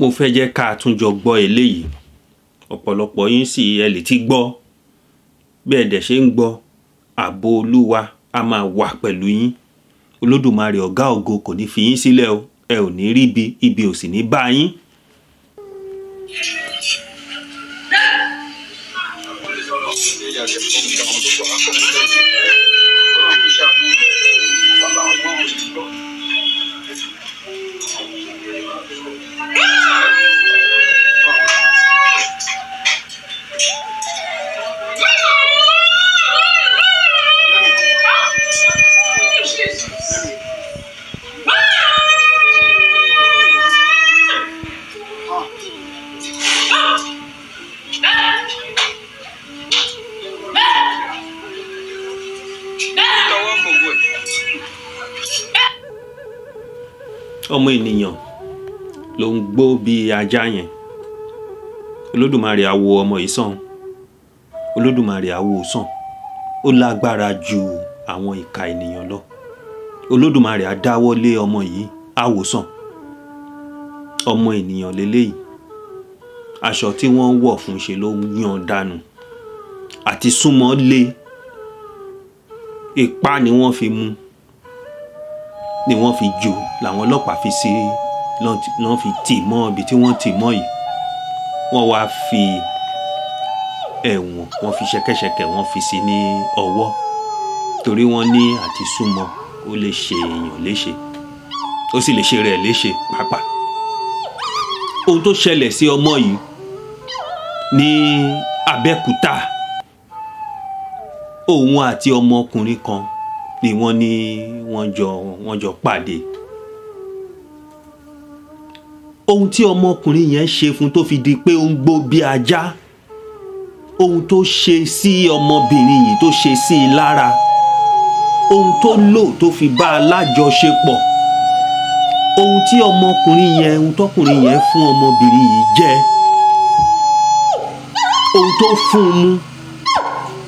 mo fẹ́ jẹ́ ká a tún jọ gbọ́ eléyìí ọ̀pọ̀lọpọ̀ yín sì ẹ lè ti gbọ́ bí ẹ dẹ̀ ṣe ń gbọ́ ààbò olúwa a máa wà pẹ̀lú yín olódùmarè ọ̀gá ògo kò ní fi yín sílẹ̀ o ẹ ò ní rí ibi ò sì ní bá yín. Thank you. ọmọ ènìyàn ló ń gbó bí ajá yẹn olódùmarè á wò ọmọ yìí sàn olódùmarè á wò sàn ó lágbára ju àwọn ìka ènìyàn lọ olódùmarè á dáwọ́ lé ọmọ yìí á wò sàn ọmọ ènìyàn lélẹ́yìí aṣọ tí wọ́n ń wọ̀ fún ṣe ló yan dànù àti súnmọ́ lé ipá ni wọ́n fi mú un ni wọ́n fi jù làwọn ọlọ́pàá fi ṣe lọ́n fi tì mọ́ ibi tí wọ́n tì mọ́ yìí wọ́n wá fi ẹ̀wọ̀n wọ́n fi ṣẹ̀kẹ̀ṣẹ̀kẹ̀ wọ́n fi sí ní ọwọ́ torí wọ́n ní àti súnmọ́ ó lè ṣe èèyàn léṣe ó sì lè ṣe rẹ̀ léṣe pàápàá ohun tó ṣẹlẹ̀ sí ọmọ yìí ní Abẹ́òkúta òun àti ọmọkùnrin kan ni wọ́n ní wọ́n jọ wọ́n jọ pàdé ohun tí ọmọkùnrin yẹn ṣe fún tó fi di pé ó ń gbó bí ajá ohun tó ṣe sí ọmọbìnrin yìí tó ṣe sí i lára ohun tó lò tó fi bá a lájọṣepọ̀ ohun tí ọmọkùnrin yẹn ohun tọkùnrin yẹn fún ọmọbìnrin yìí jẹ ohun tó fún un mu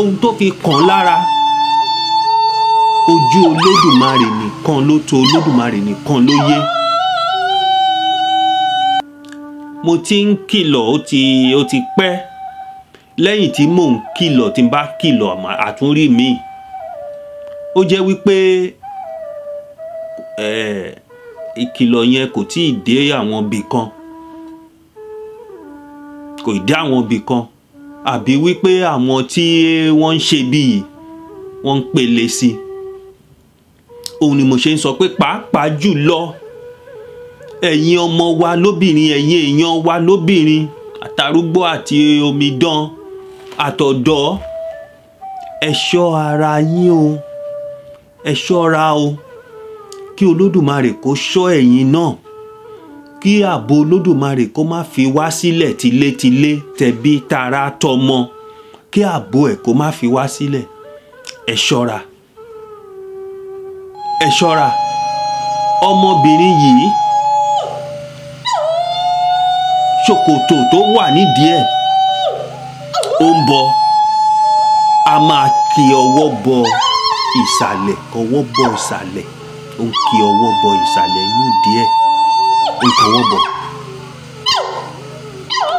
ohun tó fi kàn lára ojú olódùmarè nìkan ló tó olódùmarè nìkan ló yé mo ti ń kìlọ̀ ó ti ó ti pẹ́ lẹ́yìn tí mò ń kìlọ̀ tí n bá kìlọ̀ àtúnrí mi ó jẹ́ wípé ìkìlọ̀ yẹn kò tí ì dé àwọn ibì kan kò ì dé àwọn ibì kan àbí wípé àwọn tí wọ́n ń ṣe bíi wọ́n ń pele sí i òun ni mo ṣe ń sọ pé pàápàá jùlọ ẹ̀yin ọmọ wa lóbìnrin ẹ̀yin èèyàn wa lóbìnrin àtàrúgbó àti omidan àtọ̀dọ́ ẹ̀ṣọ́ ara yín o ẹ̀ṣọ́ra o kí olódùmarè kó ṣọ́ ẹ̀yin náà kí ààbò olódùmarè kó má fi wá sílẹ̀ tilétilé tẹbí tará tọmọ kí ààbò ẹ̀ kó má fi wá sílẹ̀ ẹ E ẹ ṣọ́ra ọmọbìnrin yìí ṣòkòtò tó wà nídìí ẹ̀ ó ń bọ a máa kí ọwọ́ bọ ìsàlẹ̀ ọwọ́ bọ ìsàlẹ̀ ó ń kí ọwọ́ bọ ìsàlẹ̀ nídìí ẹ̀ ń kọwọ́ bọ̀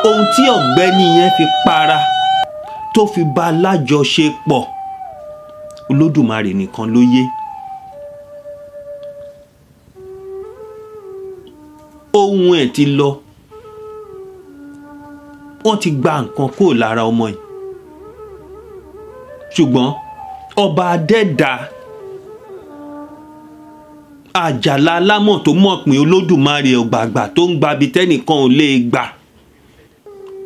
ohun tí ọ̀gbẹ́ni yẹn fi para tó fi bá a lájọṣepọ̀ Olódùmarè nìkan ló yé. ohun ẹ̀ ti lọ wọ́n ti gba nǹkan kúrò lára ọmọ yìí ṣùgbọ́n ọba adẹ́dà àjàlá alámọ̀ tó mọ̀pin olódùmarè ọ̀gbàgbà tó ń gbabi tẹ́nìkan ò lè gbà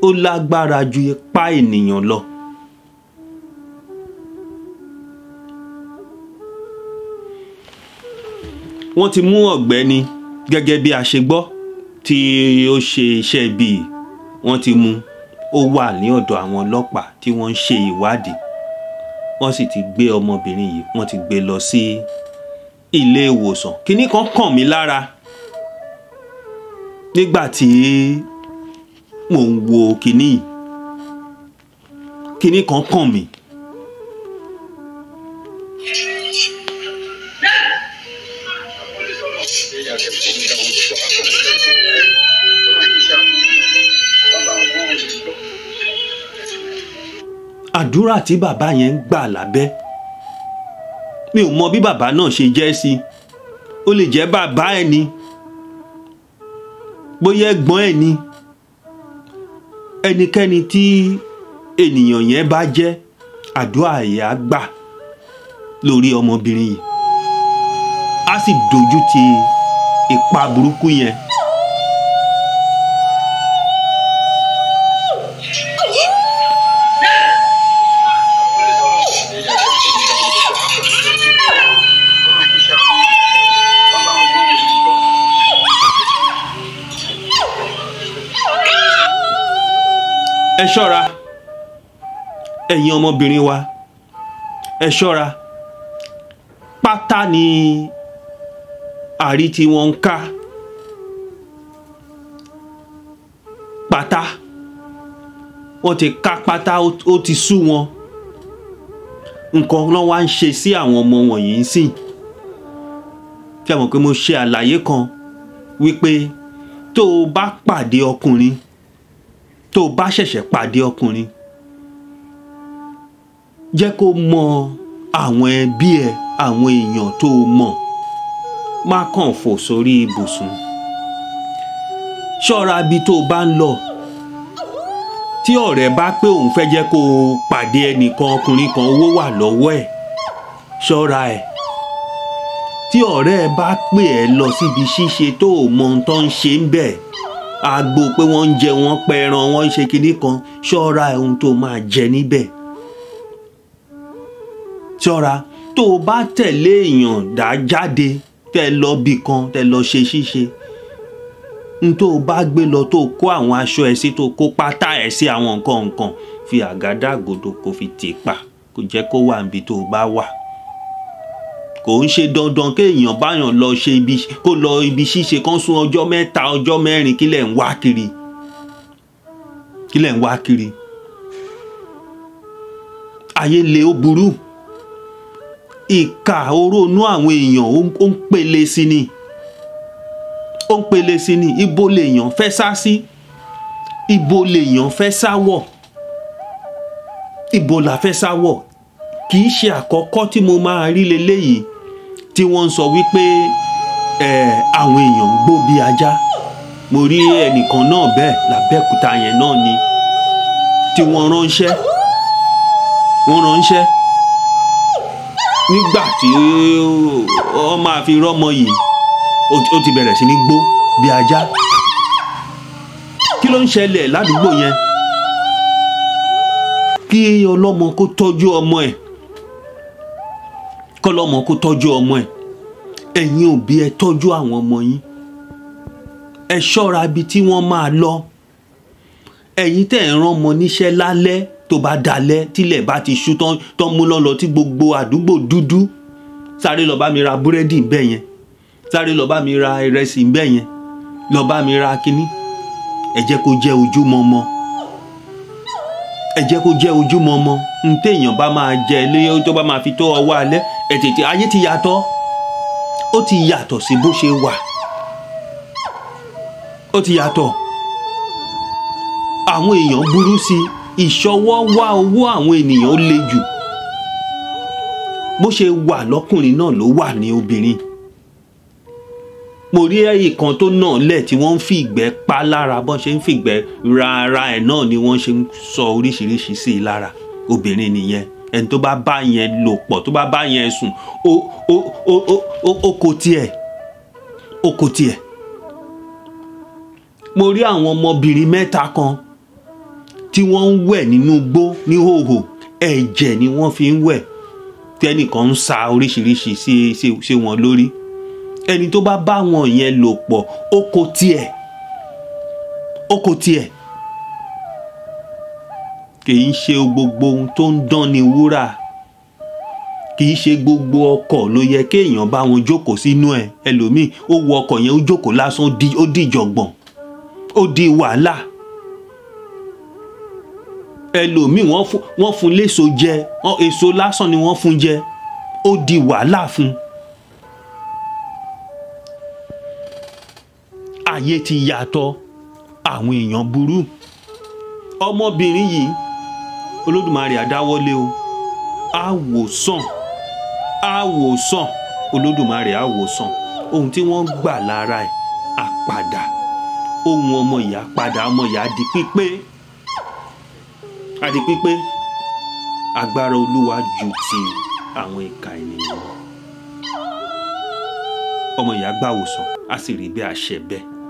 ó lágbára ju ipá ènìyàn lọ. wọ́n ti mú ọ̀gbẹ́ni gẹ́gẹ́ bí a ṣe gbọ́ tí ó ṣe iṣẹ́ bíi wọ́n ti mú ó wà ní ọ̀dọ̀ àwọn ọlọ́pàá tí wọ́n ń ṣe ìwádìí wọ́n sì ti gbé ọmọbìnrin yìí wọ́n ti gbé lọ sí ilé ìwòsàn kinní kan kàn mí lára nígbà tí mò ń wo kinní yìí kinní kan kàn mí. àdúrà tí bàbá yẹn ń gbà lábẹ́ mi ò mọ bí bàbá náà ṣe jẹ́ sí ó lè jẹ́ bàbá ẹ̀ ni bóyá ẹ̀gbọ́n ẹ̀ ni ẹnikẹ́ni tí ènìyàn yẹn bá jẹ́ àdúrà ìyá gbà lórí ọmọbìnrin yìí á sì dojú ti ipa burúkú yẹn. ẹ ṣọ́ra ẹ̀yin ọmọbìnrin wa ẹ ṣọ́ra pátá ni àrí tí wọ́n ń ká pátá wọ́n ti ká pátá ó ti sú wọn nǹkan náà wá ń ṣe sí àwọn ọmọ wọ̀nyí ń sìn fi hàn pé mo ṣe àlàyé kan wípé tó o bá pàdé ọkùnrin tó o bá ṣẹ̀ṣẹ̀ pàdé ọkùnrin jẹ́ kó mọ àwọn ẹbí ẹ àwọn èèyàn tó o mọ̀ má kàn fò sórí ibùsùn ṣọ́ra ibi tó o bá ń lọ tí ọ̀rẹ́ bá pé òun fẹ́ jẹ́ kó o pàdé ẹnìkan ọkùnrin kan owó wà lọ́wọ́ ẹ̀ ṣọ́ra ẹ̀ tí ọ̀rẹ́ bá pè ẹ́ lọ síbi ṣíṣe tó o mọ ohun tó ń ṣe ń bẹ̀ẹ́ agbo pé wọ́n ń jẹ wọ́n pẹran wọ́n ń ṣe kinní kan ṣọ́ra ohun tó máa jẹ níbẹ̀ ṣọ́ra tó o bá tẹ̀lé èèyàn dá jáde tẹ lọ bì kan tẹ lọ ṣe ṣíṣe n tó o bá gbé lọ tó o kó àwọn aṣọ ẹ sí tó o kó pátá ẹ sí àwọn nǹkan nǹkan fi àgádágodo kó fi tè pa kó jẹ́ kó wà níbi tó o bá wà kò ń ṣe dandan kéèyàn báyàn lọ ṣe ibi kó lọ ibi ṣíṣe kan sún ọjọ́ mẹ́ta ọjọ́ mẹ́rin kílẹ̀ ń wá kiri kílẹ̀ ń wá kiri ayé le ó burú ìka orónú àwọn èèyàn ó ń pele sí ni ó ń pele sí ni ibo lèèyàn fẹ́ sá sí ibo lèèyàn fẹ́ sá wọ̀ ibo la fẹ́ sá wọ̀ kì í ṣe àkọ́kọ́ tí mo máa rí leléyìí tí wọ́n ń sọ wípé àwọn èèyàn ń gbó bí ajá mo rí ẹnìkan náà bẹ́ẹ̀ lábẹ́òkúta yẹn náà ni tí wọ́n ránṣẹ́ wọ́n ránṣẹ́ nígbà tí ọ máa fi rọ́mọ yìí ó ti bẹ̀rẹ̀ sí ní gbó bí ajá kí ló ń ṣẹlẹ̀ ládùúgbò yẹn kí ọlọ́mọ kó tọ́jú ọmọ ẹ̀ kọ́lọ́mọ kó tọ́jú ọmọ ẹ̀ ẹ̀yin òbí ẹ tọ́jú àwọn ọmọ yín ẹ ṣọ́ra ibi tí wọ́n máa lọ ẹ̀yin tẹ̀ ń rán ọmọ níṣẹ́ lálẹ́ tó bá dalẹ́ tílẹ̀ bá ti ṣú tán mú lọ́lọ́ tí gbogbo àdúgbò dúdú sáré lọ bá mi ra búrẹ́dì ń bẹ̀ yẹn sáré lọ bá mi ra ìrẹsì ń bẹ̀ yẹn lọ bá mi ra kínní ẹ jẹ́ kó jẹ́ ojúmọmọ ẹ jẹ́ kó jẹ́ ojúmọmọ n téèyàn bá máa jẹ léyìn tó bá máa fi tó ọwọ́ alẹ́ ẹ tètè ayé ti yàtọ̀ ó ti yàtọ̀ sí bó ṣe wà ó ti yàtọ̀ àwọn èèyàn burú sí ìṣọwọ́ wá owó àwọn ènìyàn ó le jù bó ṣe wà lọ́kùnrin náà ló wà ní obìnrin mo rí ẹ̀yìnkan tó náà lẹ̀ tí wọ́n ń fi ìgbẹ́ pa lára bọ́n ṣe ń fi ìgbẹ́ ra ara ẹ̀ náà ni wọ́n ṣe ń sọ oríṣiríṣi sí i lára obìnrin nìyẹn ẹni tó bá bá yẹn lò pọ̀ tó bá bá yẹn sùn ó ó ó ó ó kò tiẹ̀ ó kò tiẹ̀ mo rí àwọn ọmọbìnrin mẹ́ta kan tí wọ́n ń wẹ̀ nínú igbó ní hòhò ẹ̀jẹ̀ ni wọ́n fi ń wẹ̀ tẹ́nìkan ń sa oríṣiríṣi sí wọn lórí ẹni tó bá bá wọn yẹn lò pọ̀ ó kò tiẹ̀ ó kò tiẹ̀ kì í ṣe gbogbo ohun tó ń dán ni wúrà kì í ṣe gbogbo ọkọ̀ ló yẹ kéèyàn bá wọn jókòó sínú ẹ̀ ẹlòmíì ó wọ ọkọ̀ yẹn ó jókòó lásán ó di ìjọ̀gbọ̀n ó di wàhálà ẹlòmíì wọ́n fún léso jẹ èso lásán ni wọ́n fún jẹ ó di wàhálà fún ayé ti yàtọ̀ àwọn èèyàn burú ọmọbìnrin yìí olódùmarè àdáwọ́lé o àwòsàn àwòsàn olódùmarè àwòsàn ohun tí wọ́n gbà lára ẹ̀ àpadà ohun ọmọ ìyá padà ọmọ ìyá di pípé àti pípé agbára olúwa ju ti àwọn ìka ènìyàn lọ ọmọ ìyá gbàwòsàn a sì rí bí a ṣe bẹ́ẹ̀.